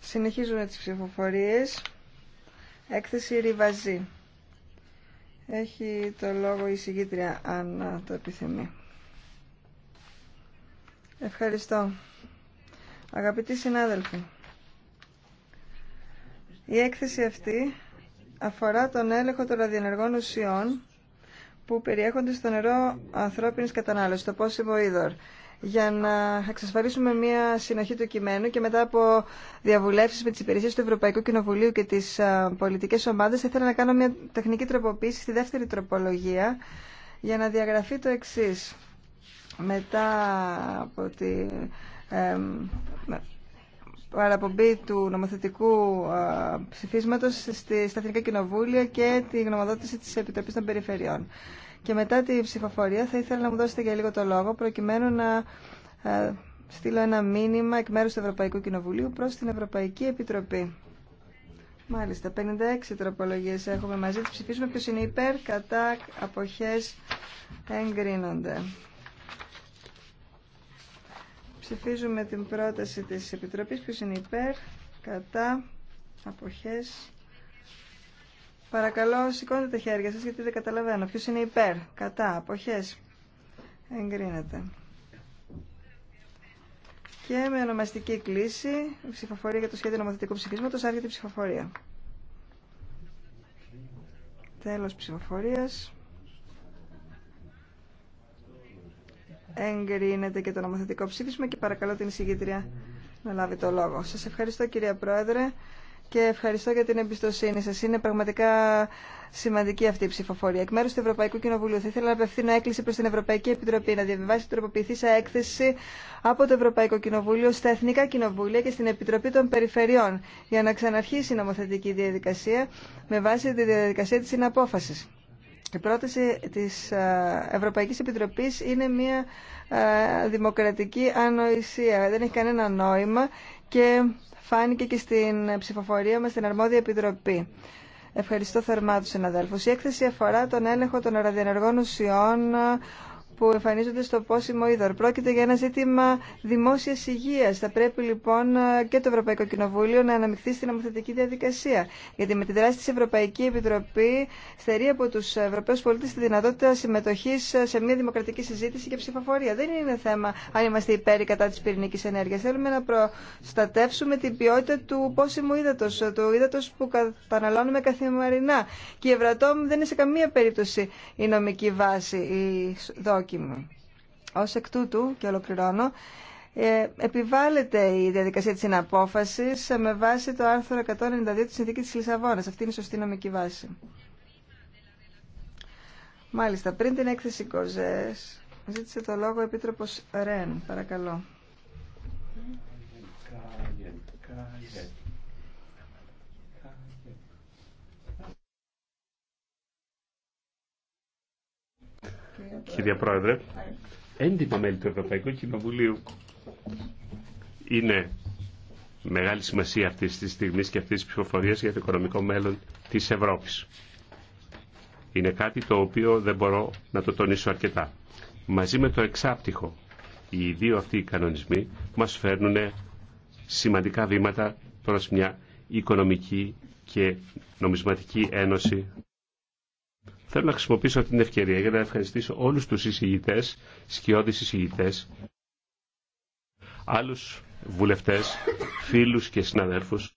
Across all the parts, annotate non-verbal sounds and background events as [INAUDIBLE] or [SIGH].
Συνεχίζουμε τις ψηφοφορίες. Έκθεση Ριβαζή. Έχει το λόγο η συγκίτρια αν το επιθυμεί. Ευχαριστώ. Αγαπητοί συνάδελφοι, η έκθεση αυτή αφορά τον έλεγχο των ραδιενεργών ουσιών που περιέχονται στο νερό ανθρώπινης κατανάλωσης, το πόσιμο είδωρ για να εξασφαλίσουμε μια συνοχή του κειμένου και μετά από διαβουλεύσεις με τις υπηρεσίες του Ευρωπαϊκού Κοινοβουλίου και τις πολιτικές ομάδες ήθελα να κάνω μια τεχνική τροποποίηση στη δεύτερη τροπολογία για να διαγραφεί το εξή. Μετά από την παραπομπή του νομοθετικού ψηφίσματος στη, στα Εθνικά Κοινοβούλια και τη γνωμοδότηση της Επιτροπής των Περιφερειών. Και μετά τη ψηφοφορία θα ήθελα να μου δώσετε για λίγο το λόγο προκειμένου να ε, στείλω ένα μήνυμα εκ μέρους του Ευρωπαϊκού Κοινοβουλίου προς την Ευρωπαϊκή Επιτροπή. Μάλιστα, 56 τροπολογίες έχουμε μαζί. Ψηφίζουμε ψηφίσουμε ποιος είναι υπέρ, κατά, αποχές, εγκρίνονται. Ψηφίζουμε την πρόταση της Επιτροπής. Ποιος είναι υπέρ, κατά, αποχές, Παρακαλώ, σηκώνετε τα χέρια σας γιατί δεν καταλαβαίνω. Ποιος είναι υπέρ, κατά, αποχές. Εγκρίνεται. Και με ονομαστική κλίση, ψηφοφορία για το σχέδιο νομοθετικού ψηφίσματος, άρχεται η ψηφοφορία. Τέλος ψηφοφορίας. Εγκρίνεται και το νομοθετικό ψήφισμα και παρακαλώ την εισηγήτρια να λάβει το λόγο. Σας ευχαριστώ κυρία Πρόεδρε και ευχαριστώ για την εμπιστοσύνη σας. Είναι πραγματικά σημαντική αυτή η ψηφοφορία. Εκ μέρου του Ευρωπαϊκού Κοινοβουλίου θα ήθελα να απευθύνω έκκληση προ την Ευρωπαϊκή Επιτροπή να διαβιβάσει τροποποιηθήσα έκθεση από το Ευρωπαϊκό Κοινοβούλιο στα Εθνικά Κοινοβούλια και στην Επιτροπή των Περιφερειών για να ξαναρχίσει η νομοθετική διαδικασία με βάση τη διαδικασία τη συναπόφαση. Η πρόταση της ε, Ευρωπαϊκής Επιτροπής είναι μια ε, δημοκρατική ανοησία. Δεν έχει κανένα νόημα και φάνηκε και στην ψηφοφορία μας στην αρμόδια επιτροπή. Ευχαριστώ θερμά τους συναδέλφους. Η έκθεση αφορά τον έλεγχο των ραδιενεργών ουσιών που εμφανίζονται στο πόσιμο είδωρ. Πρόκειται για ένα ζήτημα δημόσια υγεία. Θα πρέπει λοιπόν και το Ευρωπαϊκό Κοινοβούλιο να αναμειχθεί στην νομοθετική διαδικασία. Γιατί με τη δράση τη Ευρωπαϊκή Επιτροπή στερεί από του Ευρωπαίου πολίτε τη δυνατότητα συμμετοχή σε μια δημοκρατική συζήτηση και ψηφοφορία. Δεν είναι θέμα αν είμαστε υπέρ ή κατά τη πυρηνική ενέργεια. Θέλουμε να προστατεύσουμε την ποιότητα του πόσιμου ύδατο, του ύδατο που καταναλώνουμε καθημερινά. Και η Ευρατόμ δεν είναι σε καμία περίπτωση η νομική βάση, η δόκη. Ω Ως εκ τούτου, και ολοκληρώνω, ε, επιβάλλεται η διαδικασία της συναπόφασης με βάση το άρθρο 192 της Συνθήκης της Λισαβόνας. Αυτή είναι η σωστή νομική βάση. Μάλιστα, πριν την έκθεση Κοζές, ζήτησε το λόγο ο Επίτροπος Ρεν. Παρακαλώ. κυρία Πρόεδρε, έντυπα μέλη του Ευρωπαϊκού Κοινοβουλίου. Είναι μεγάλη σημασία αυτή τη στιγμή και αυτή τη ψηφοφορία για το οικονομικό μέλλον τη Ευρώπη. Είναι κάτι το οποίο δεν μπορώ να το τονίσω αρκετά. Μαζί με το εξάπτυχο, οι δύο αυτοί οι κανονισμοί μας φέρνουν σημαντικά βήματα προς μια οικονομική και νομισματική ένωση Θέλω να χρησιμοποιήσω την ευκαιρία για να ευχαριστήσω όλους τους εισηγητές, σκιώδεις εισηγητές, άλλους βουλευτές, φίλους και συναδέρφους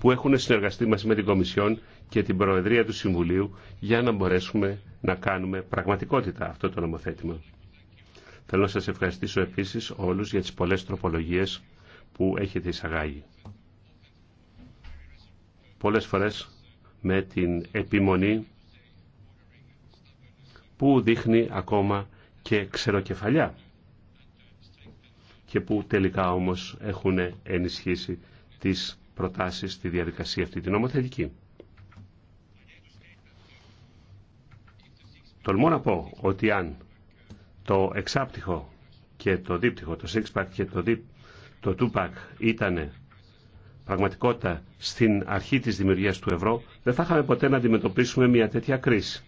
που έχουν συνεργαστεί μαζί με την Κομισιόν και την Προεδρία του Συμβουλίου για να μπορέσουμε να κάνουμε πραγματικότητα αυτό το νομοθέτημα. Θέλω να σας ευχαριστήσω επίσης όλους για τις πολλές τροπολογίες που έχετε εισαγάγει. Πολλές φορές με την επιμονή που δείχνει ακόμα και ξεροκεφαλιά και που τελικά όμως έχουν ενισχύσει τις προτάσεις στη διαδικασία αυτή την νομοθετική. Τολμώ να πω ότι αν το εξάπτυχο και το δίπτυχο, το six-pack και το, δι... το two-pack ήταν πραγματικότητα στην αρχή της δημιουργίας του ευρώ, δεν θα είχαμε ποτέ να αντιμετωπίσουμε μια τέτοια κρίση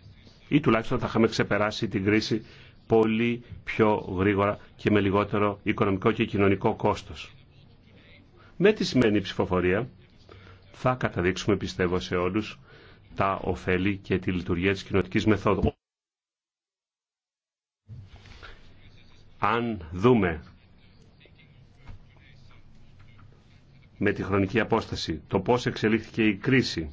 ή τουλάχιστον θα είχαμε ξεπεράσει την κρίση πολύ πιο γρήγορα και με λιγότερο οικονομικό και κοινωνικό κόστος. Με τη σημαίνει ψηφοφορία θα καταδείξουμε πιστεύω σε όλους τα ωφέλη και τη λειτουργία της κοινωτικής μεθόδου. Αν δούμε με τη χρονική απόσταση το πώς εξελίχθηκε η κρίση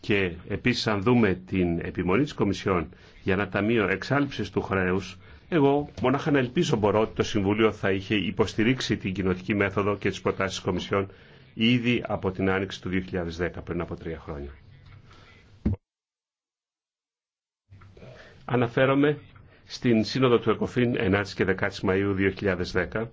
και επίσης αν δούμε την επιμονή της Κομισιόν για ένα ταμείο εξάλληψης του χρέους, εγώ μόναχα να ελπίζω μπορώ ότι το Συμβούλιο θα είχε υποστηρίξει την κοινοτική μέθοδο και τις προτάσεις της Κομισιόν ήδη από την άνοιξη του 2010, πριν από τρία χρόνια. Αναφέρομαι στην Σύνοδο του ΕΚΟΦΗΝ 9 και 10 Μαΐου 2010,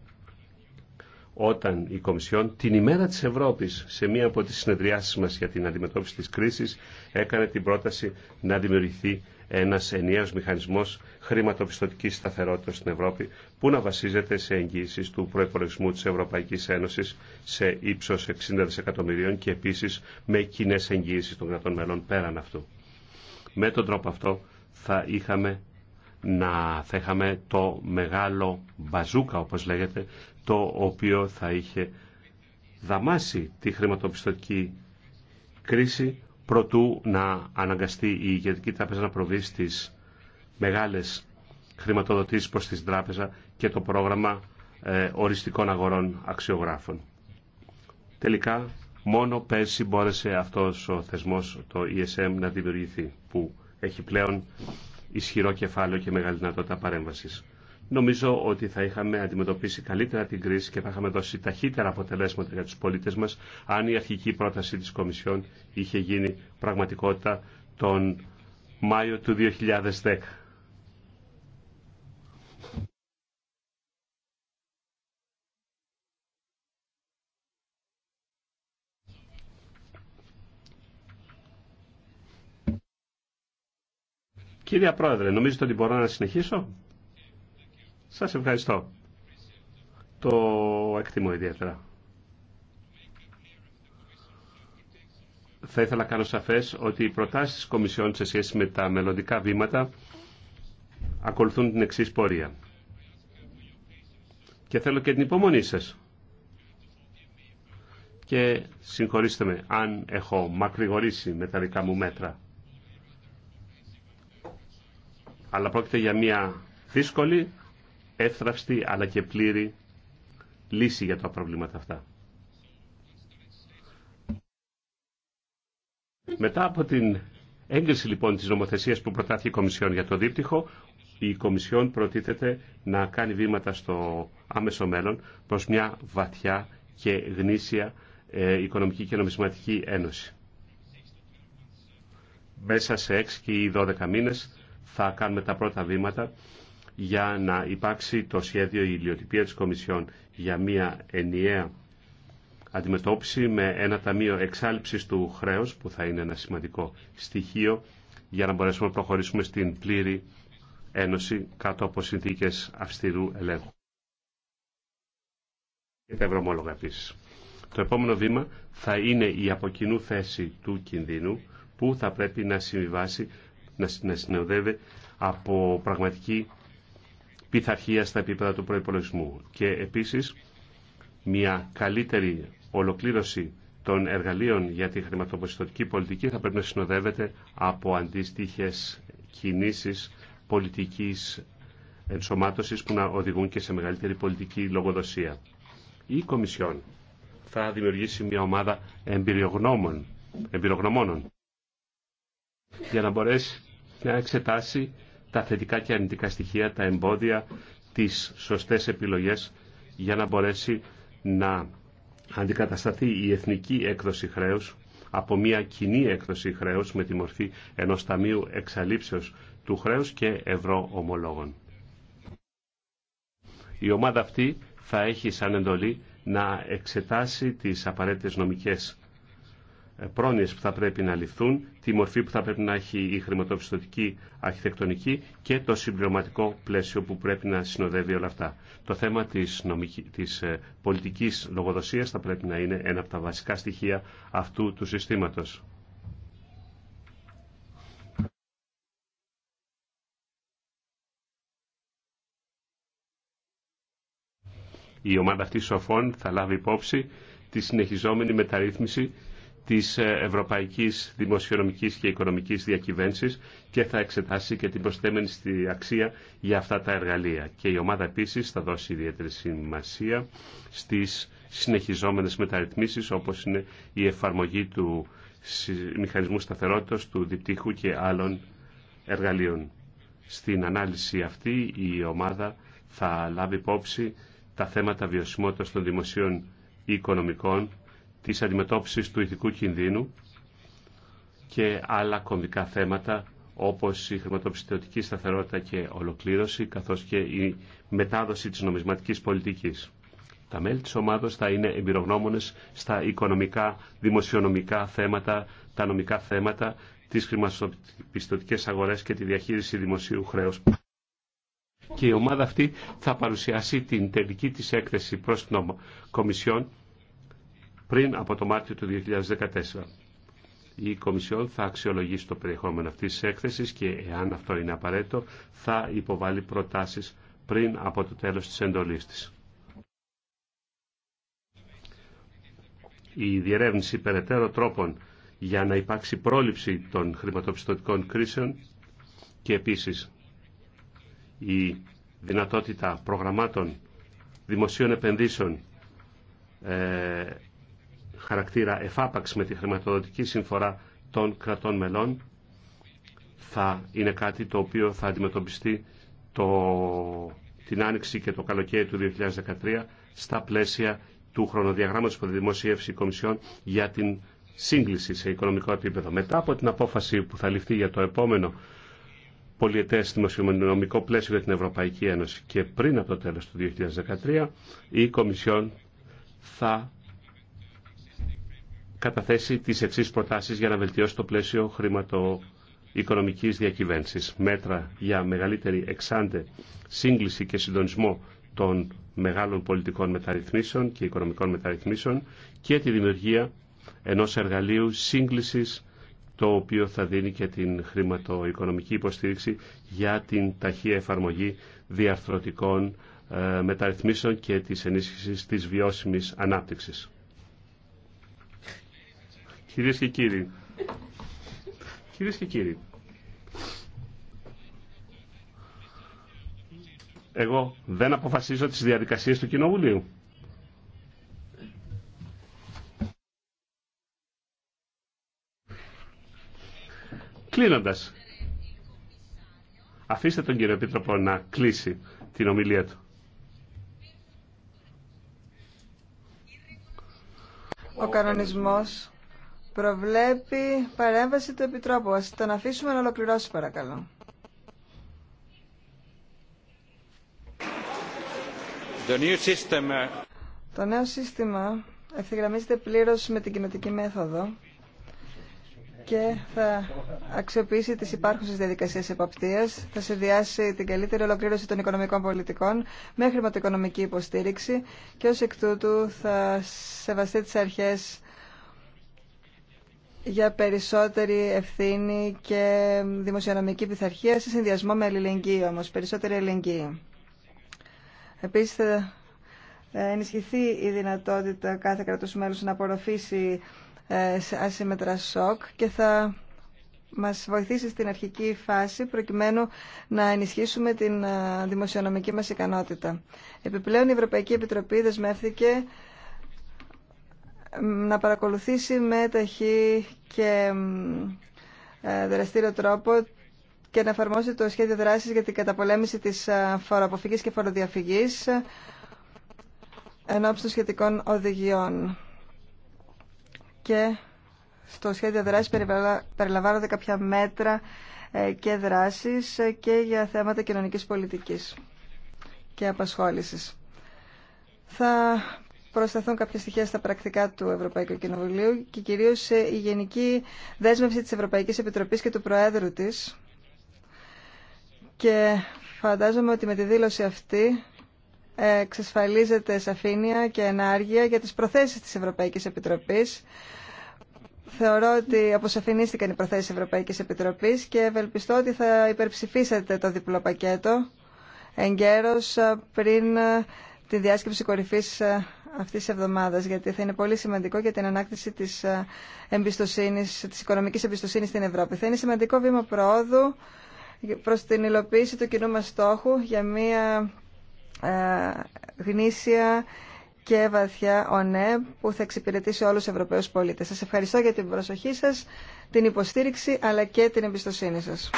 όταν η Κομισιόν την ημέρα της Ευρώπης σε μία από τις συνεδριάσεις μας για την αντιμετώπιση της κρίσης έκανε την πρόταση να δημιουργηθεί ένας ενιαίος μηχανισμός χρηματοπιστωτικής σταθερότητας στην Ευρώπη που να βασίζεται σε εγγύησεις του προϋπολογισμού της Ευρωπαϊκής Ένωσης σε ύψος 60 δισεκατομμυρίων και επίσης με κοινέ εγγύησεις των κρατών μελών πέραν αυτού. Με τον τρόπο αυτό θα είχαμε να θέχαμε το μεγάλο μπαζούκα όπως λέγεται το οποίο θα είχε δαμάσει τη χρηματοπιστωτική κρίση προτού να αναγκαστεί η ηγετική τράπεζα να προβεί στις μεγάλες χρηματοδοτήσεις προς την τράπεζα και το πρόγραμμα ε, οριστικών αγορών αξιογράφων. Τελικά μόνο πέρσι μπόρεσε αυτός ο θεσμός το ESM να δημιουργηθεί που έχει πλέον ισχυρό κεφάλαιο και μεγάλη δυνατότητα παρέμβασης. Νομίζω ότι θα είχαμε αντιμετωπίσει καλύτερα την κρίση και θα είχαμε δώσει ταχύτερα αποτελέσματα για τους πολίτες μας αν η αρχική πρόταση της Κομισιόν είχε γίνει πραγματικότητα τον Μάιο του 2010. Κύριε Πρόεδρε, νομίζετε ότι μπορώ να συνεχίσω. Σας ευχαριστώ. Το εκτιμώ ιδιαίτερα. Θα ήθελα να κάνω σαφές ότι οι προτάσεις της Κομισιόν σε σχέση με τα μελλοντικά βήματα ακολουθούν την εξής πορεία. Και θέλω και την υπομονή σας. Και συγχωρήστε με αν έχω μακρηγορήσει με τα δικά μου μέτρα αλλά πρόκειται για μια δύσκολη, εύθραυστη αλλά και πλήρη λύση για τα προβλήματα αυτά. Μετά από την έγκριση λοιπόν της νομοθεσίας που προτάθηκε η Κομισιόν για το δίπτυχο, η Κομισιόν προτίθεται να κάνει βήματα στο άμεσο μέλλον προς μια βαθιά και γνήσια ε, οικονομική και νομισματική ένωση. Μέσα σε 6 και 12 μήνες θα κάνουμε τα πρώτα βήματα για να υπάρξει το σχέδιο η ηλιοτυπία της Κομισιόν για μια ενιαία αντιμετώπιση με ένα ταμείο εξάλληψης του χρέους που θα είναι ένα σημαντικό στοιχείο για να μπορέσουμε να προχωρήσουμε στην πλήρη ένωση κάτω από συνθήκες αυστηρού ελέγχου. Το επόμενο βήμα θα είναι η αποκοινού θέση του κινδύνου που θα πρέπει να συμβιβάσει να συνοδεύει από πραγματική πειθαρχία στα επίπεδα του προϋπολογισμού και επίσης μια καλύτερη ολοκλήρωση των εργαλείων για τη χρηματοπιστωτική πολιτική θα πρέπει να συνοδεύεται από αντίστοιχες κινήσεις πολιτικής ενσωμάτωσης που να οδηγούν και σε μεγαλύτερη πολιτική λογοδοσία. Η Κομισιόν θα δημιουργήσει μια ομάδα εμπειρογνώμων, για να μπορέσει να εξετάσει τα θετικά και αρνητικά στοιχεία, τα εμπόδια, τις σωστές επιλογές για να μπορέσει να αντικατασταθεί η εθνική έκδοση χρέους από μια κοινή έκδοση χρέους με τη μορφή ενός ταμείου εξαλείψεως του χρέους και ευρώ ομολόγων. Η ομάδα αυτή θα έχει σαν εντολή να εξετάσει τις απαραίτητες νομικές πρόνοιες που θα πρέπει να ληφθούν, τη μορφή που θα πρέπει να έχει η χρηματοπιστωτική αρχιτεκτονική και το συμπληρωματικό πλαίσιο που πρέπει να συνοδεύει όλα αυτά. Το θέμα της, νομική, της ε, πολιτικής λογοδοσίας θα πρέπει να είναι ένα από τα βασικά στοιχεία αυτού του συστήματος. Η ομάδα αυτή σοφών θα λάβει υπόψη τη συνεχιζόμενη μεταρρύθμιση της ευρωπαϊκής δημοσιονομικής και οικονομικής διακυβέρνησης και θα εξετάσει και την προσθέμενη στη αξία για αυτά τα εργαλεία. Και η ομάδα επίσης θα δώσει ιδιαίτερη σημασία στις συνεχιζόμενες μεταρρυθμίσεις όπως είναι η εφαρμογή του μηχανισμού σταθερότητας, του διπτύχου και άλλων εργαλείων. Στην ανάλυση αυτή η ομάδα θα λάβει υπόψη τα θέματα βιωσιμότητας των δημοσίων οικονομικών της αντιμετώπισης του ηθικού κινδύνου και άλλα κομβικά θέματα όπως η χρηματοπιστωτική σταθερότητα και ολοκλήρωση, καθώς και η μετάδοση της νομισματικής πολιτικής. Τα μέλη της ομάδος θα είναι εμπειρογνώμονες στα οικονομικά, δημοσιονομικά θέματα, τα νομικά θέματα, τις χρηματοπιστωτικές αγορές και τη διαχείριση δημοσίου χρέους. Και η ομάδα αυτή θα παρουσιάσει την τελική της έκθεση προς την Κομισιόν πριν από το Μάρτιο του 2014. Η Κομισιόν θα αξιολογήσει το περιεχόμενο αυτής της έκθεσης και εάν αυτό είναι απαραίτητο θα υποβάλει προτάσεις πριν από το τέλος της εντολής της. Η διερεύνηση περαιτέρω τρόπων για να υπάρξει πρόληψη των χρηματοπιστωτικών κρίσεων και επίσης η δυνατότητα προγραμμάτων δημοσίων επενδύσεων ε, χαρακτήρα εφάπαξ με τη χρηματοδοτική συμφορά των κρατών μελών θα είναι κάτι το οποίο θα αντιμετωπιστεί το, την άνοιξη και το καλοκαίρι του 2013 στα πλαίσια του χρονοδιαγράμματος που δημοσίευσε η Κομισιόν για την σύγκληση σε οικονομικό επίπεδο. Μετά από την απόφαση που θα ληφθεί για το επόμενο πολιετές δημοσιονομικό πλαίσιο για την Ευρωπαϊκή Ένωση και πριν από το τέλος του 2013 η Κομισιόν θα καταθέσει τις εξή προτάσεις για να βελτιώσει το πλαίσιο χρηματοοικονομικής διακυβέρνησης. Μέτρα για μεγαλύτερη εξάντε σύγκληση και συντονισμό των μεγάλων πολιτικών μεταρρυθμίσεων και οικονομικών μεταρρυθμίσεων και τη δημιουργία ενός εργαλείου σύγκλησης το οποίο θα δίνει και την χρηματοοικονομική υποστήριξη για την ταχεία εφαρμογή διαρθρωτικών ε, μεταρρυθμίσεων και της ενίσχυσης της βιώσιμης ανάπτυξης. Κυρίε και κύριοι. Κυρίε και κύριοι. Εγώ δεν αποφασίζω τις διαδικασίες του Κοινοβουλίου. Κλείνοντας, αφήστε τον κύριο Επίτροπο να κλείσει την ομιλία του. Ο κανονισμός προβλέπει παρέμβαση του Επιτρόπου. Ας τον αφήσουμε να ολοκληρώσει παρακαλώ. The new system... Uh, Το νέο σύστημα ευθυγραμμίζεται πλήρως με την κοινωτική μέθοδο και θα αξιοποιήσει τις υπάρχουσες διαδικασίες εποπτείας, θα συνδυάσει την καλύτερη ολοκλήρωση των οικονομικών πολιτικών με χρηματοοικονομική υποστήριξη και ως εκ τούτου θα σεβαστεί τις αρχές για περισσότερη ευθύνη και δημοσιονομική πειθαρχία σε συνδυασμό με αλληλεγγύη όμως, περισσότερη αλληλεγγύη. Επίσης θα ενισχυθεί η δυνατότητα κάθε κρατός μέλους να απορροφήσει ε, ασύμετρα σοκ και θα μας βοηθήσει στην αρχική φάση προκειμένου να ενισχύσουμε την ε, δημοσιονομική μας ικανότητα. Επιπλέον η Ευρωπαϊκή Επιτροπή δεσμεύθηκε να παρακολουθήσει με ταχύ και ε, δραστήριο τρόπο και να εφαρμόσει το σχέδιο δράσης για την καταπολέμηση της ε, φοροαποφυγής και φοροδιαφυγής ε, εν των σχετικών οδηγιών. Και στο σχέδιο δράσης περιλαμβάνονται κάποια μέτρα και δράσεις και για θέματα κοινωνικής πολιτικής και απασχόλησης. Θα προσταθούν κάποια στοιχεία στα πρακτικά του Ευρωπαϊκού Κοινοβουλίου και κυρίως η γενική δέσμευση της Ευρωπαϊκής Επιτροπής και του Προέδρου της. Και φαντάζομαι ότι με τη δήλωση αυτή εξασφαλίζεται σαφήνεια και ενάργεια για τις προθέσεις της Ευρωπαϊκής Επιτροπής. Θεωρώ ότι αποσαφηνίστηκαν οι προθέσεις της Ευρωπαϊκής Επιτροπής και ευελπιστώ ότι θα υπερψηφίσετε το διπλό πακέτο εγκαίρως πριν τη διάσκεψη κορυφής ε, αυτής της εβδομάδας, γιατί θα είναι πολύ σημαντικό για την ανάκτηση της, ε, εμπιστοσύνης, της οικονομικής εμπιστοσύνης στην Ευρώπη. Θα είναι σημαντικό βήμα προόδου προς την υλοποίηση του κοινού μας στόχου για μια ε, γνήσια και βαθιά ΟΝΕ που θα εξυπηρετήσει όλους τους Ευρωπαίους πολίτες. Σας ευχαριστώ για την προσοχή σας, την υποστήριξη αλλά και την εμπιστοσύνη σας.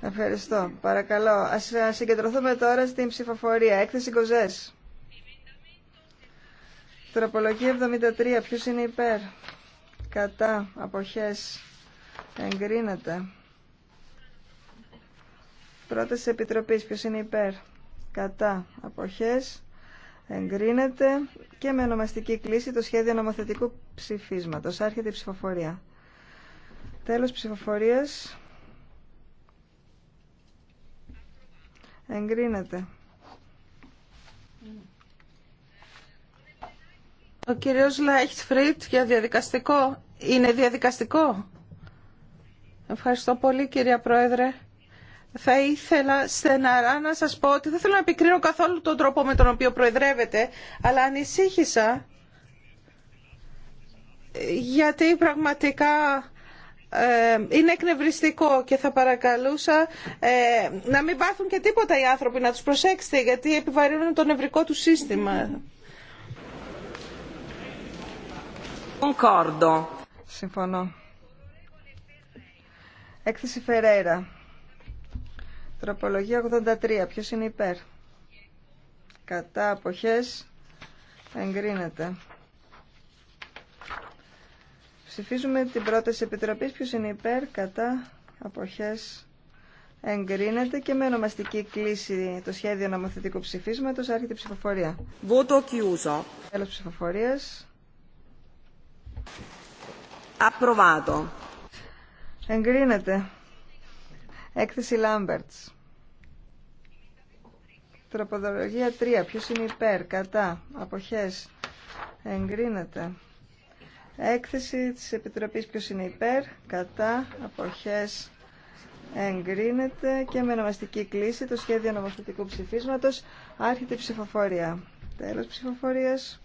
Ευχαριστώ. Παρακαλώ. Ας συγκεντρωθούμε τώρα στην ψηφοφορία. Έκθεση Κοζές. Τροπολογία 73. Ποιος είναι υπέρ. Κατά. Αποχές. Εγκρίνεται. Πρόταση επιτροπής. Ποιος είναι υπέρ. Κατά. Αποχές. Εγκρίνεται. Και με ονομαστική κλίση το σχέδιο νομοθετικού ψηφίσματος. Άρχεται η ψηφοφορία. Τέλος ψηφοφορίας. Εγκρίνεται. Ο κύριος Λάιχτφριτ για διαδικαστικό. Είναι διαδικαστικό. Ευχαριστώ πολύ κυρία Πρόεδρε. Θα ήθελα στεναρά να σας πω ότι δεν θέλω να επικρίνω καθόλου τον τρόπο με τον οποίο προεδρεύετε, αλλά ανησύχησα γιατί πραγματικά ε, είναι εκνευριστικό και θα παρακαλούσα ε, να μην πάθουν και τίποτα οι άνθρωποι, να τους προσέξετε γιατί επιβαρύνουν το νευρικό του σύστημα. Συμφωνώ. Έκθεση Φερέρα. Τροπολογία 83. Ποιος είναι υπέρ. Κατά αποχές εγκρίνεται. Ψηφίζουμε την πρόταση επιτροπή Ποιος είναι υπέρ, κατά, αποχές, εγκρίνεται και με ονομαστική κλίση το σχέδιο νομοθετικού ψηφίσματος άρχεται η ψηφοφορία. Voto chiuso. Τέλος ψηφοφορίας. Approvato. Εγκρίνεται. Έκθεση Λάμπερτς. Τροποδολογία 3. Ποιος είναι υπέρ, κατά, αποχές. Εγκρίνεται. Έκθεση της Επιτροπής ποιος είναι υπέρ, κατά, αποχές εγκρίνεται και με νομαστική κλίση το σχέδιο νομοθετικού ψηφίσματος άρχεται η ψηφοφορία. Τέλος ψηφοφορίας.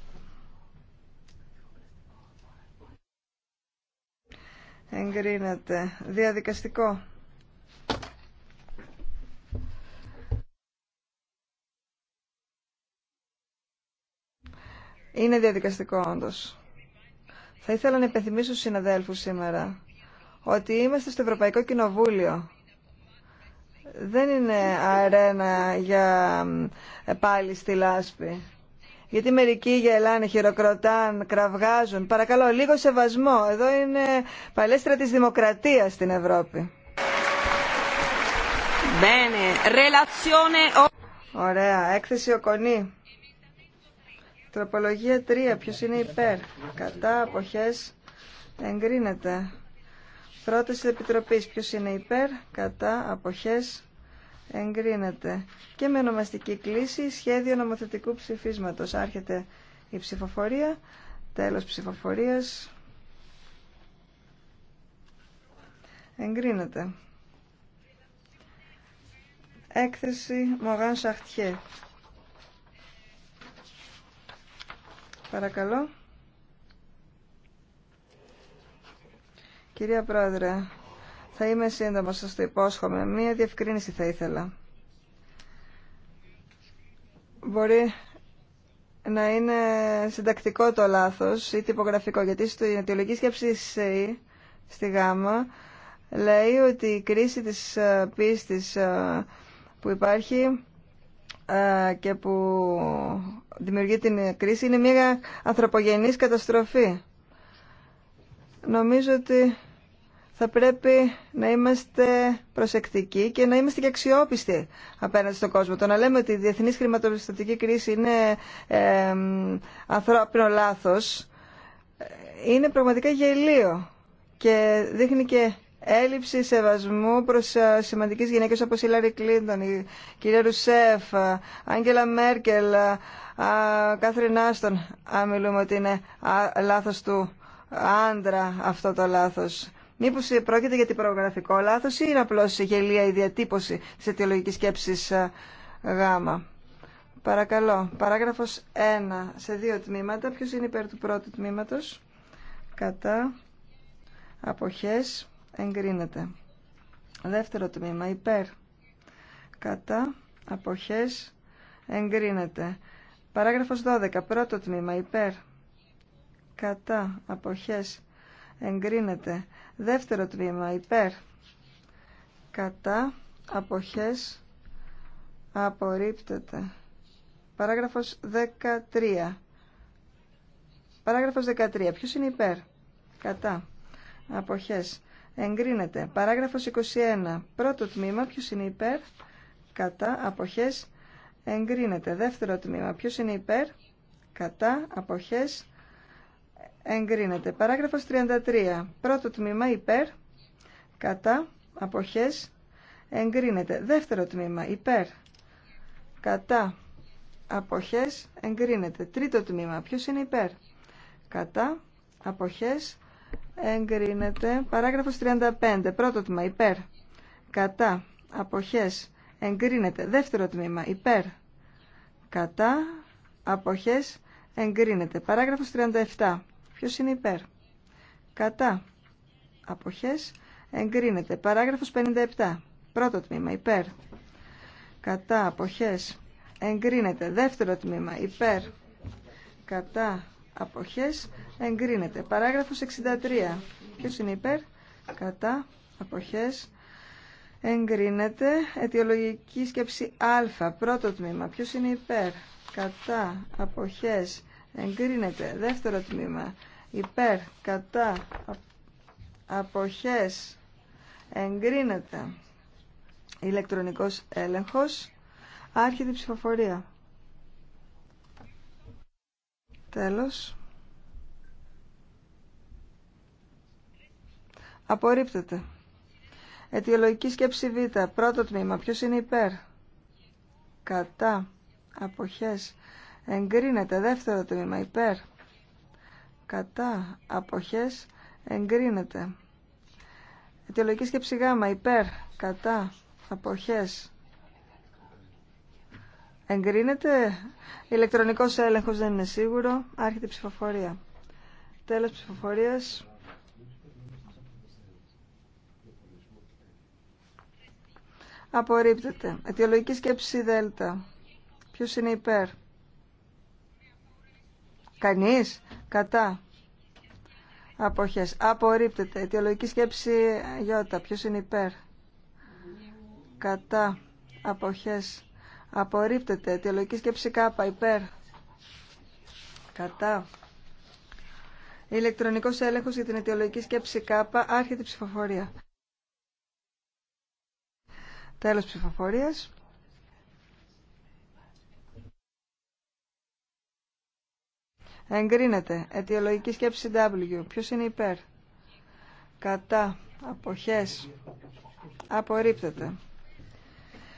Εγκρίνεται. Διαδικαστικό. Είναι διαδικαστικό όντως. Θα ήθελα να υπενθυμίσω στους συναδέλφους σήμερα ότι είμαστε στο Ευρωπαϊκό Κοινοβούλιο. Δεν είναι αρένα για πάλι στη λάσπη. Γιατί μερικοί γελάνε, χειροκροτάν, κραυγάζουν. Παρακαλώ, λίγο σεβασμό. Εδώ είναι παλέστρα της δημοκρατίας στην Ευρώπη. Relazione... Ωραία. Έκθεση ο Κονή. Τροπολογία 3. Ποιο είναι υπέρ. Κατά αποχές εγκρίνεται. Πρόταση επιτροπή. Επιτροπής. Ποιος είναι υπέρ. Κατά αποχές εγκρίνεται. Και με ονομαστική κλίση σχέδιο νομοθετικού ψηφίσματος. Άρχεται η ψηφοφορία. Τέλος ψηφοφορία. Εγκρίνεται. Έκθεση Μογάν Σαχτιέ. Παρακαλώ. Κυρία Πρόεδρε, θα είμαι σύντομα, σας το υπόσχομαι. Μία διευκρίνηση θα ήθελα. Μπορεί να είναι συντακτικό το λάθος ή τυπογραφικό, γιατί στο αιτιολογική σκέψη ΣΕΗ, στη ΓΑΜΑ, λέει ότι η κρίση της ε, πίστης ε, που υπάρχει και που δημιουργεί την κρίση είναι μια ανθρωπογενής καταστροφή. Νομίζω ότι θα πρέπει να είμαστε προσεκτικοί και να είμαστε και αξιόπιστοι απέναντι στον κόσμο. Το να λέμε ότι η διεθνής χρηματοπιστωτική κρίση είναι ε, ανθρώπινο λάθος ε, είναι πραγματικά γελίο και δείχνει και έλλειψη σεβασμού προς ε, σημαντικές γυναίκες όπως η Λάρη Κλίντον, η κυρία Ρουσέφ, ε, Άγγελα Μέρκελ, ε, Κάθριν Άστον, αν μιλούμε ότι είναι λάθος του άντρα αυτό το λάθος. Μήπως πρόκειται για την προγραφικό λάθος ή είναι απλώς γελία η διατύπωση της αιτιολογικής σκέψης γάμα. Παρακαλώ, παράγραφος 1 σε δύο τμήματα. Ποιος είναι υπέρ του πρώτου τμήματος. Κατά. Αποχές εγκρίνεται. Δεύτερο τμήμα υπέρ κατά αποχές εγκρίνεται. Παράγραφος 12. Πρώτο τμήμα υπέρ κατά αποχές εγκρίνεται. Δεύτερο τμήμα υπέρ κατά αποχές απορρίπτεται. Παράγραφος 13. Παράγραφος 13. Ποιος είναι υπέρ. Κατά. Αποχές εγκρίνεται. Παράγραφος 21. Πρώτο τμήμα, ποιο είναι υπέρ, κατά, αποχές, εγκρίνεται. Δεύτερο τμήμα, Ποιο είναι υπέρ, κατά, αποχές, εγκρίνεται. Παράγραφος 33. Πρώτο τμήμα, υπέρ, κατά, αποχές, εγκρίνεται. Δεύτερο τμήμα, υπέρ, κατά, αποχές, εγκρίνεται. Τρίτο τμήμα, Ποιο είναι υπέρ, κατά, αποχές, εγκρίνεται. Παράγραφος 35. Πρώτο τμήμα υπέρ. Κατά. Αποχές. Εγκρίνεται. Δεύτερο τμήμα υπέρ. Κατά. Αποχές. Εγκρίνεται. Παράγραφος 37. Ποιος είναι υπέρ. Κατά. Αποχές. Εγκρίνεται. Παράγραφος 57. Πρώτο τμήμα υπέρ. Κατά. Αποχές. Εγκρίνεται. Δεύτερο τμήμα υπέρ. Κατά αποχές εγκρίνεται. Παράγραφος 63. Ποιος είναι υπέρ, κατά, αποχές εγκρίνεται. Αιτιολογική σκέψη α, πρώτο τμήμα. Ποιος είναι υπέρ, κατά, αποχές εγκρίνεται. Δεύτερο τμήμα, υπέρ, κατά, αποχές εγκρίνεται. Ηλεκτρονικός έλεγχος. Άρχεται η ψηφοφορία. Τέλος. Απορρίπτεται. Αιτιολογική σκέψη Β. Πρώτο τμήμα. Ποιος είναι υπέρ. Κατά. Αποχές. Εγκρίνεται. Δεύτερο τμήμα. Υπέρ. Κατά. Αποχές. Εγκρίνεται. Αιτιολογική σκέψη Γ. Υπέρ. Κατά. Αποχές. Εγκρίνεται. Ηλεκτρονικός έλεγχος δεν είναι σίγουρο. Άρχεται η ψηφοφορία. Τέλος ψηφοφορία. Απορρίπτεται. Αιτιολογική σκέψη Δέλτα. Ποιο είναι υπέρ. Κανεί. Κατά. Αποχές. Απορρίπτεται. Αιτιολογική σκέψη Ι. Ποιο είναι υπέρ. Κατά. Αποχές. Απορρίπτεται. Αιτιολογική σκέψη Κάπα. Υπέρ. Κατά. Ηλεκτρονικό έλεγχο για την αιτιολογική σκέψη Κ. Άρχεται η ψηφοφορία. Τέλος ψηφοφορία. Εγκρίνεται. Αιτιολογική σκέψη W. Ποιο είναι υπέρ. Κατά. Αποχές. Απορρίπτεται.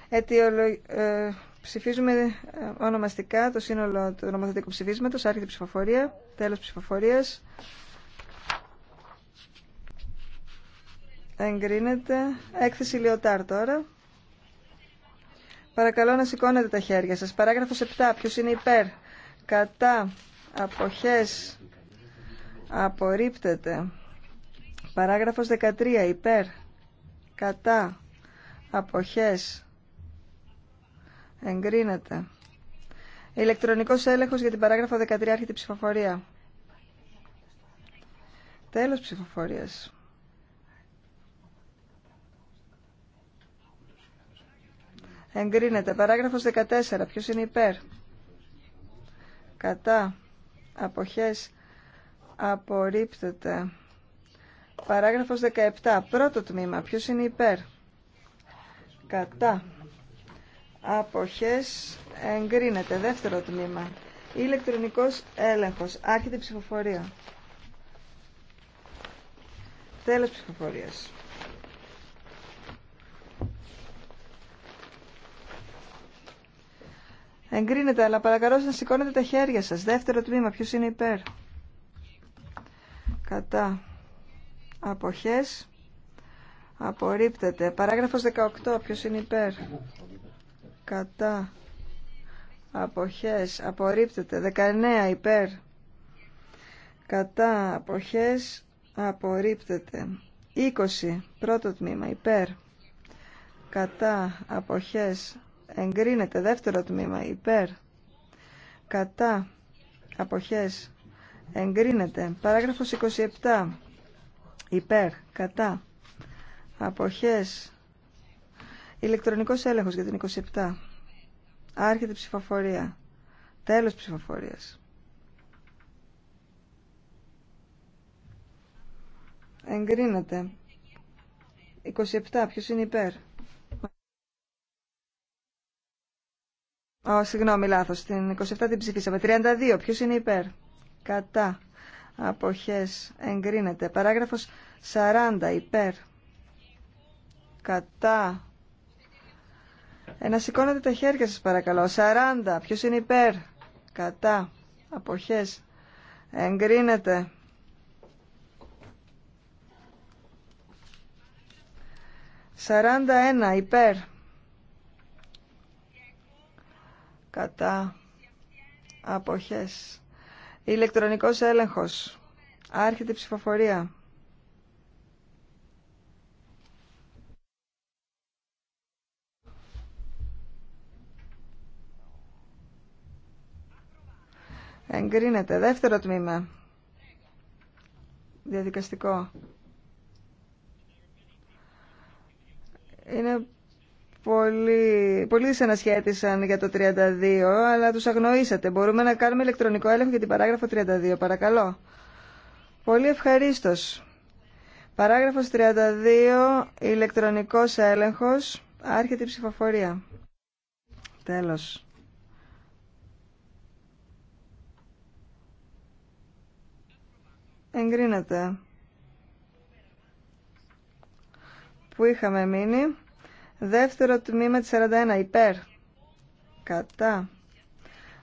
Αιτιολογική... Ε, Ψηφίζουμε ε, ονομαστικά το σύνολο του νομοθετικού ψηφίσματος, άρχεται ψηφοφορία, τέλος ψηφοφορίας. Εγκρίνεται. Έκθεση Λιωτάρ τώρα. Παρακαλώ να σηκώνετε τα χέρια σας. Παράγραφος 7. Ποιος είναι υπέρ. Κατά. Αποχές. Απορρίπτεται. Παράγραφος 13. Υπέρ. Κατά. Αποχές. Εγκρίνεται. Ηλεκτρονικός έλεγχος για την παράγραφο 13 άρχεται ψηφοφορία. Τέλος ψηφοφορίας. Εγκρίνεται. Παράγραφος 14. Ποιος είναι υπέρ. Κατά. Αποχές. Απορρίπτεται. Παράγραφος 17. Πρώτο τμήμα. Ποιος είναι υπέρ. Κατά αποχές εγκρίνεται. Δεύτερο τμήμα. Ηλεκτρονικός έλεγχος. Άρχεται η ψηφοφορία. Τέλος ψηφοφορίας. Εγκρίνεται, αλλά παρακαλώ να σηκώνετε τα χέρια σας. Δεύτερο τμήμα, ποιος είναι υπέρ. Κατά. Αποχές. Απορρίπτεται. Παράγραφος 18, ποιος είναι υπέρ κατά αποχές απορρίπτεται 19 υπέρ κατά αποχές απορρίπτεται 20 πρώτο τμήμα υπέρ κατά αποχές εγκρίνεται δεύτερο τμήμα υπέρ κατά αποχές εγκρίνεται παράγραφος 27 υπέρ κατά αποχές Ηλεκτρονικός έλεγχος για την 27. Άρχεται ψηφοφορία. Τέλος ψηφοφορίας. Εγκρίνεται. 27. Ποιος είναι υπέρ. συγγνώμη, λάθος. Την 27 την ψηφίσαμε. 32. Ποιος είναι υπέρ. Κατά. Αποχές. Εγκρίνεται. Παράγραφος 40. Υπέρ. Κατά. Ε, να σηκώνετε τα χέρια σας παρακαλώ. 40. Ποιος είναι υπέρ. Κατά. Αποχές. Εγκρίνεται. Σαράντα ένα υπέρ. Κατά. Αποχές. Ηλεκτρονικός έλεγχος. Άρχεται η ψηφοφορία. Εγκρίνεται. Δεύτερο τμήμα. Διαδικαστικό. Είναι πολύ, πολύ ανασχέτησαν για το 32, αλλά τους αγνοήσατε. Μπορούμε να κάνουμε ηλεκτρονικό έλεγχο για την παράγραφο 32. Παρακαλώ. Πολύ ευχαρίστως. Παράγραφος 32, ηλεκτρονικός έλεγχος, άρχεται η ψηφοφορία. Τέλος. εγκρίνεται που είχαμε μείνει δεύτερο τμήμα της 41 υπέρ κατά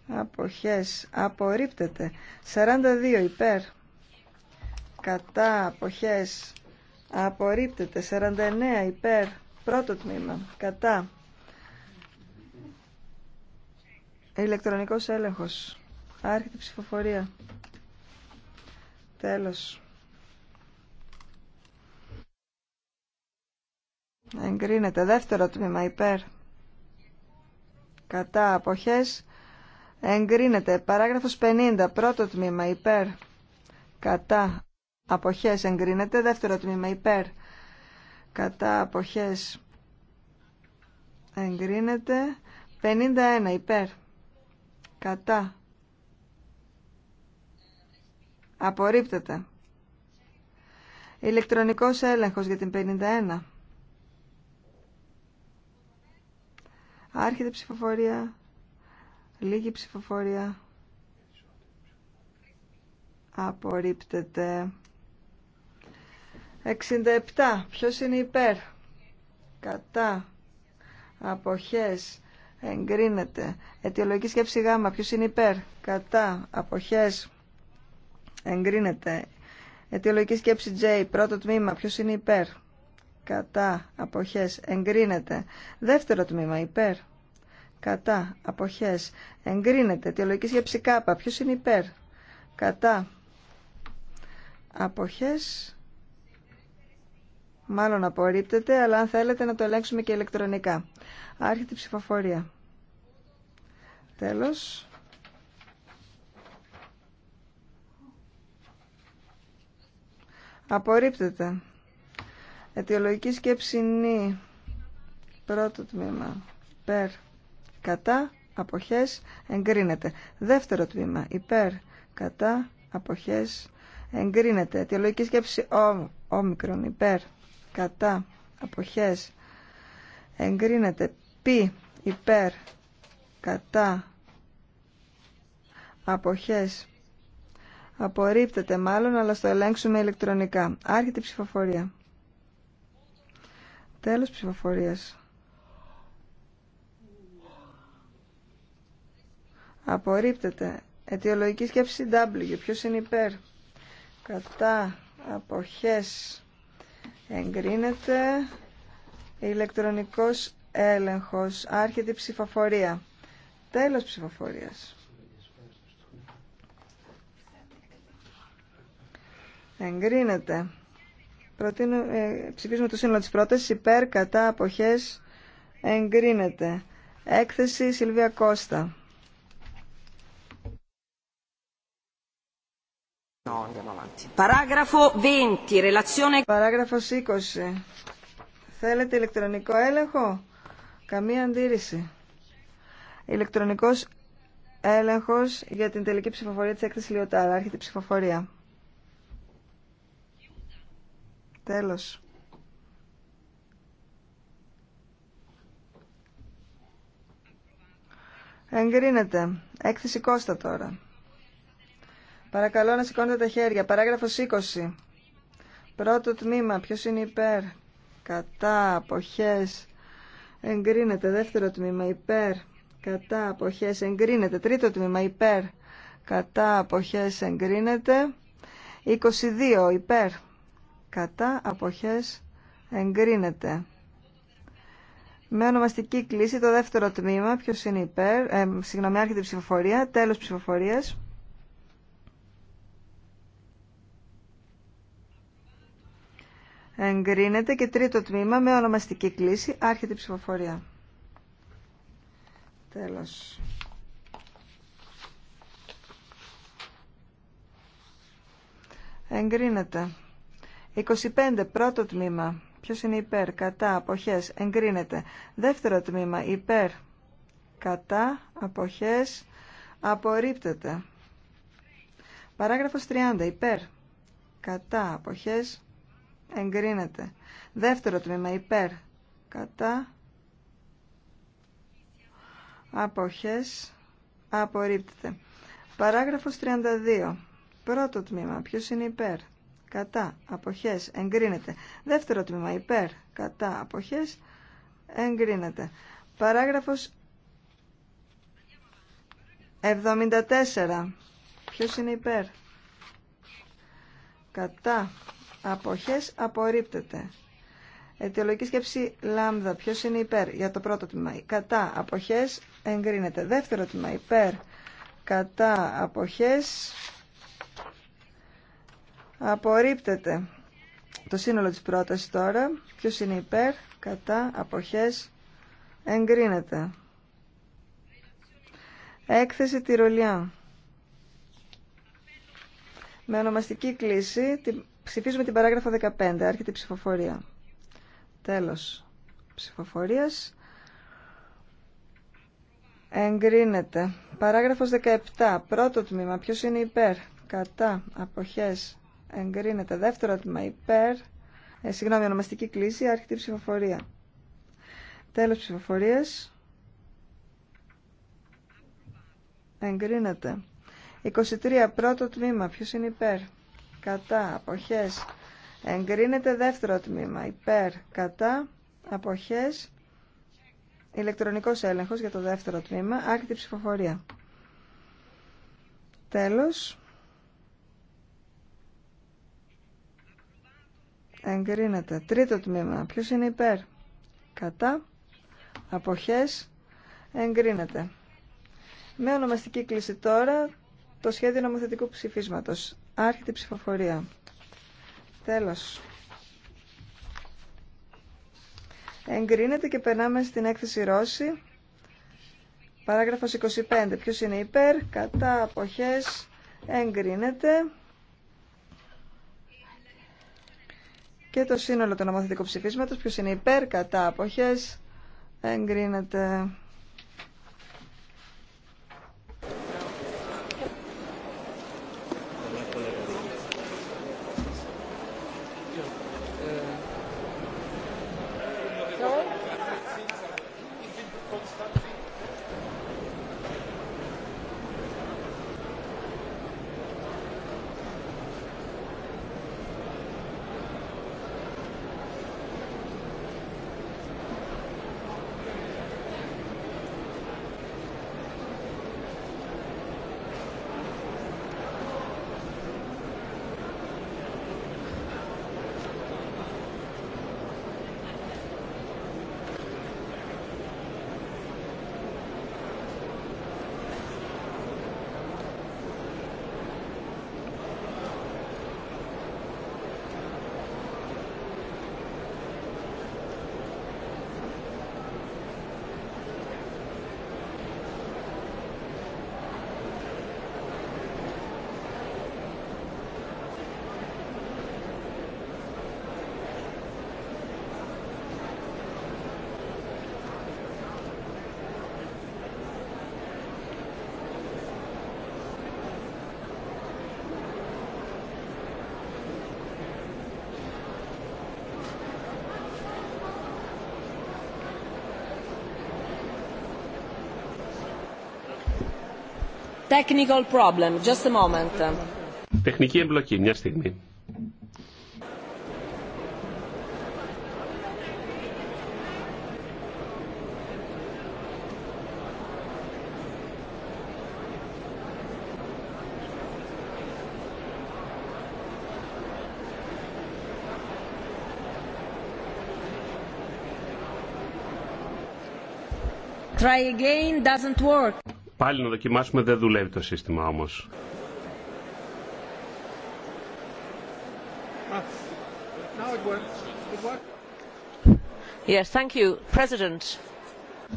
αποχές απορρίπτεται 42 υπέρ κατά αποχές απορρίπτεται 49 υπέρ πρώτο τμήμα κατά ηλεκτρονικός έλεγχος άρχεται ψηφοφορία Τέλος. Εγκρίνεται. Δεύτερο τμήμα υπέρ. Κατά αποχές. Εγκρίνεται. Παράγραφος 50. Πρώτο τμήμα υπέρ. Κατά αποχές. Εγκρίνεται. Δεύτερο τμήμα υπέρ. Κατά αποχές. Εγκρίνεται. 51 υπέρ. Κατά Απορρίπτεται. Ηλεκτρονικός έλεγχος για την 51. Άρχεται ψηφοφορία. Λίγη ψηφοφορία. Απορρίπτεται. 67. Ποιος είναι υπέρ. Κατά. Αποχές. Εγκρίνεται. Αιτιολογική σκέψη γ. Ποιος είναι υπέρ. Κατά. Αποχές εγκρίνεται. Αιτιολογική σκέψη J, πρώτο τμήμα, Ποιο είναι υπέρ. Κατά, αποχές, εγκρίνεται. Δεύτερο τμήμα, υπέρ. Κατά, αποχές, εγκρίνεται. Αιτιολογική σκέψη K, Ποιο είναι υπέρ. Κατά, αποχές, μάλλον απορρίπτεται, αλλά αν θέλετε να το ελέγξουμε και ηλεκτρονικά. Άρχεται η ψηφοφορία. Τέλος. Απορρίπτεται. Αιτιολογική σκέψη νη. Πρώτο τμήμα. Πέρ. Κατά. Αποχές. Εγκρίνεται. Δεύτερο τμήμα. Υπέρ. Κατά. Αποχές. Εγκρίνεται. Αιτιολογική σκέψη ο. Όμικρον. Υπέρ. Κατά. Αποχές. Εγκρίνεται. Πι. Υπέρ. Κατά. Αποχές. Απορρίπτεται μάλλον, αλλά στο ελέγξουμε ηλεκτρονικά. Άρχεται η ψηφοφορία. Τέλος ψηφοφορίας. Απορρίπτεται. Αιτιολογική σκέψη W. Ποιος είναι υπέρ. Κατά. Αποχές. Εγκρίνεται. Ηλεκτρονικός έλεγχος. Άρχεται η ψηφοφορία. Τέλος ψηφοφορίας. Εγκρίνεται. Προτείνω, ε, ψηφίζουμε το σύνολο της πρότασης. Υπέρ, κατά, αποχές. Εγκρίνεται. Έκθεση Σιλβία Κώστα. Παράγραφο 20. Παράγραφος 20. Θέλετε ηλεκτρονικό έλεγχο. Καμία αντίρρηση. Ηλεκτρονικός έλεγχος για την τελική ψηφοφορία της έκθεσης Λιωτάρα. Άρχεται η ψηφοφορία. Τέλος. Εγκρίνεται. Έκθεση Κώστα τώρα. Παρακαλώ να σηκώνετε τα χέρια. Παράγραφος 20. Πρώτο τμήμα. Ποιος είναι υπέρ. Κατά. Αποχές. Εγκρίνεται. Δεύτερο τμήμα. Υπέρ. Κατά. Αποχές. Εγκρίνεται. Τρίτο τμήμα. Υπέρ. Κατά. Αποχές. Εγκρίνεται. 22. Υπέρ κατά αποχές εγκρίνεται. Με ονομαστική κλίση το δεύτερο τμήμα, Ποιο είναι υπέρ, ε, συγγνώμη, άρχεται η ψηφοφορία, τέλος ψηφοφορίας. Εγκρίνεται και τρίτο τμήμα με ονομαστική κλίση, άρχεται η ψηφοφορία. Τέλος. Εγκρίνεται. 25. Πρώτο τμήμα. Ποιος είναι υπέρ, κατά, αποχές, εγκρίνεται. Δεύτερο τμήμα, υπέρ, κατά, αποχές, απορρίπτεται. Παράγραφος 30. Υπέρ, κατά, αποχές, εγκρίνεται. Δεύτερο τμήμα, υπέρ, κατά, αποχές, απορρίπτεται. Παράγραφος 32. Πρώτο τμήμα, ποιος είναι υπέρ, κατά, αποχές, εγκρίνεται. Δεύτερο τμήμα, υπέρ, κατά, αποχές, εγκρίνεται. Παράγραφος 74. Ποιος είναι υπέρ. Κατά, αποχές, απορρίπτεται. Αιτιολογική σκέψη λάμδα. Ποιο είναι υπέρ για το πρώτο τμήμα. Κατά αποχές εγκρίνεται. Δεύτερο τμήμα υπέρ. Κατά αποχές Απορρίπτεται το σύνολο της πρότασης τώρα. Ποιος είναι υπέρ, κατά, αποχές, εγκρίνεται. Έκθεση Τυρολιά. Με ονομαστική κλίση ψηφίζουμε την παράγραφο 15. Άρχεται η ψηφοφορία. Τέλος ψηφοφορίας. Εγκρίνεται. Παράγραφος 17. Πρώτο τμήμα. Ποιος είναι υπέρ. Κατά. Αποχές εγκρίνεται. Δεύτερο τμήμα υπέρ, ε, συγγνώμη, ονομαστική κλίση, άρχιτη ψηφοφορία. Τέλος ψηφοφορίας. Εγκρίνεται. 23. Πρώτο τμήμα. Ποιος είναι υπέρ. Κατά. Αποχές. Εγκρίνεται δεύτερο τμήμα. Υπέρ. Κατά. Αποχές. Ηλεκτρονικός έλεγχος για το δεύτερο τμήμα. Άκτη ψηφοφορία. Τέλος. εγκρίνεται. Τρίτο τμήμα. Ποιο είναι υπέρ. Κατά. Αποχές. Εγκρίνεται. Με ονομαστική κλίση τώρα το σχέδιο νομοθετικού ψηφίσματος. Άρχεται η ψηφοφορία. Τέλος. Εγκρίνεται και περνάμε στην έκθεση Ρώση. Παράγραφος 25. Ποιος είναι υπέρ. Κατά. Αποχές. Εγκρίνεται. και το σύνολο του νομοθετικού ψηφίσματος. Ποιος είναι υπέρ, κατά, αποχές, εγκρίνεται. Technical problem. Just a moment. Τεχνική εμπλοκή. Μια στιγμή. Try again. Doesn't work. Πάλι να δοκιμάσουμε, δεν δουλεύει το σύστημα όμως. Yes, thank you, President.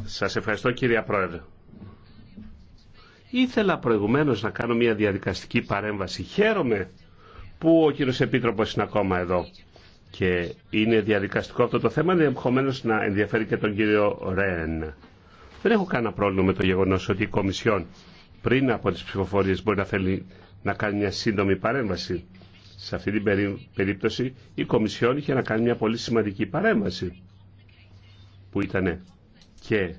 Σας ευχαριστώ κύριε Πρόεδρε. Ήθελα προηγουμένως να κάνω μια διαδικαστική παρέμβαση. Χαίρομαι που ο κύριος Επίτροπος είναι ακόμα εδώ και είναι διαδικαστικό αυτό το θέμα, ενδεχομένω να ενδιαφέρει και τον κύριο Ρέν. Δεν έχω κανένα πρόβλημα με το γεγονός ότι η Κομισιόν πριν από τις ψηφοφορίες μπορεί να θέλει να κάνει μια σύντομη παρέμβαση. Σε αυτή την περίπτωση η Κομισιόν είχε να κάνει μια πολύ σημαντική παρέμβαση που ήταν και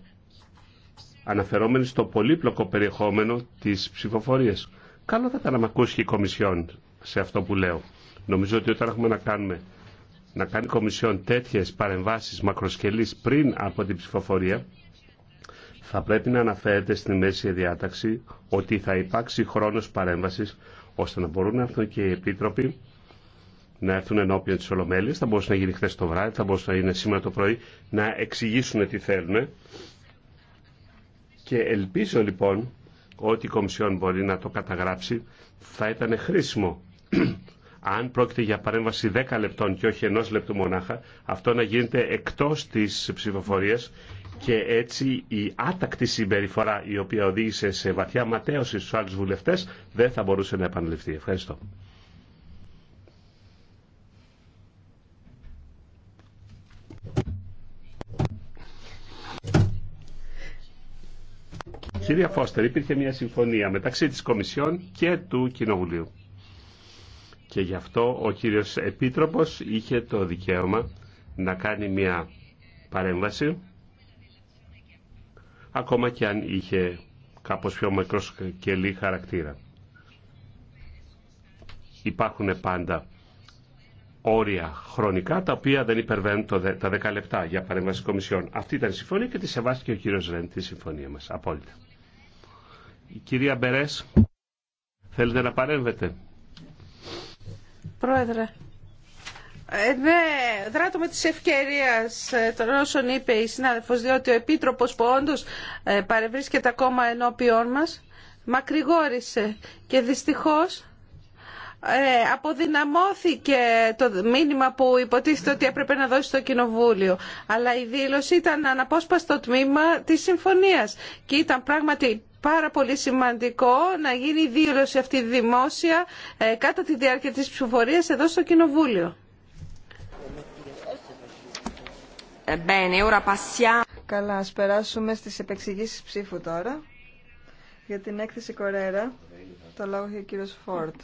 αναφερόμενη στο πολύπλοκο περιεχόμενο της ψηφοφορίας. Καλό θα ήταν να ακούσει η Κομισιόν σε αυτό που λέω. Νομίζω ότι όταν έχουμε να κάνουμε να κάνει η Κομισιόν τέτοιες παρεμβάσεις μακροσκελής πριν από την ψηφοφορία, θα πρέπει να αναφέρεται στη μέση διάταξη ότι θα υπάρξει χρόνος παρέμβασης ώστε να μπορούν να έρθουν και οι επίτροποι να έρθουν ενώπιον της Ολομέλειας. Θα μπορούσε να γίνει χθε το βράδυ, θα μπορούσε να είναι σήμερα το πρωί, να εξηγήσουν τι θέλουν. Και ελπίζω λοιπόν ότι η Κομισιόν μπορεί να το καταγράψει. Θα ήταν χρήσιμο [CLEARS THROAT] αν πρόκειται για παρέμβαση 10 λεπτών και όχι ενό λεπτού μονάχα, αυτό να γίνεται εκτό τη ψηφοφορία και έτσι η άτακτη συμπεριφορά η οποία οδήγησε σε βαθιά ματέωση στους άλλους βουλευτές δεν θα μπορούσε να επαναληφθεί. Ευχαριστώ. Κυρία Φώστερ, υπήρχε μια συμφωνία μεταξύ της Κομισιόν και του Κοινοβουλίου. Και γι' αυτό ο κύριος Επίτροπος είχε το δικαίωμα να κάνει μια παρέμβαση ακόμα και αν είχε κάπως πιο μικρός κελί χαρακτήρα. Υπάρχουν πάντα όρια χρονικά τα οποία δεν υπερβαίνουν τα 10 λεπτά για παρέμβαση κομισιών. Αυτή ήταν η συμφωνία και τη σεβάστηκε ο κύριος Ρεν τη συμφωνία μας. Απόλυτα. Η κυρία Μπερές, θέλετε να παρέμβετε. Πρόεδρε, ε, ναι, δράτω με τις ευκαιρίες ε, των όσων είπε η συνάδελφος διότι ο Επίτροπος που όντως ε, παρευρίσκεται ακόμα ενώπιόν μας μακρηγόρησε και δυστυχώς ε, αποδυναμώθηκε το μήνυμα που υποτίθεται ότι έπρεπε να δώσει το Κοινοβούλιο. Αλλά η δήλωση ήταν αναπόσπαστο τμήμα της συμφωνίας και ήταν πράγματι πάρα πολύ σημαντικό να γίνει η δήλωση αυτή δημόσια ε, κατά τη διάρκεια της ψηφοφορίας εδώ στο Κοινοβούλιο. Καλά, ας περάσουμε στις επεξηγήσεις ψήφου τώρα. Για την έκθεση Κορέρα, το λόγο έχει ο κύριος Φόρτ.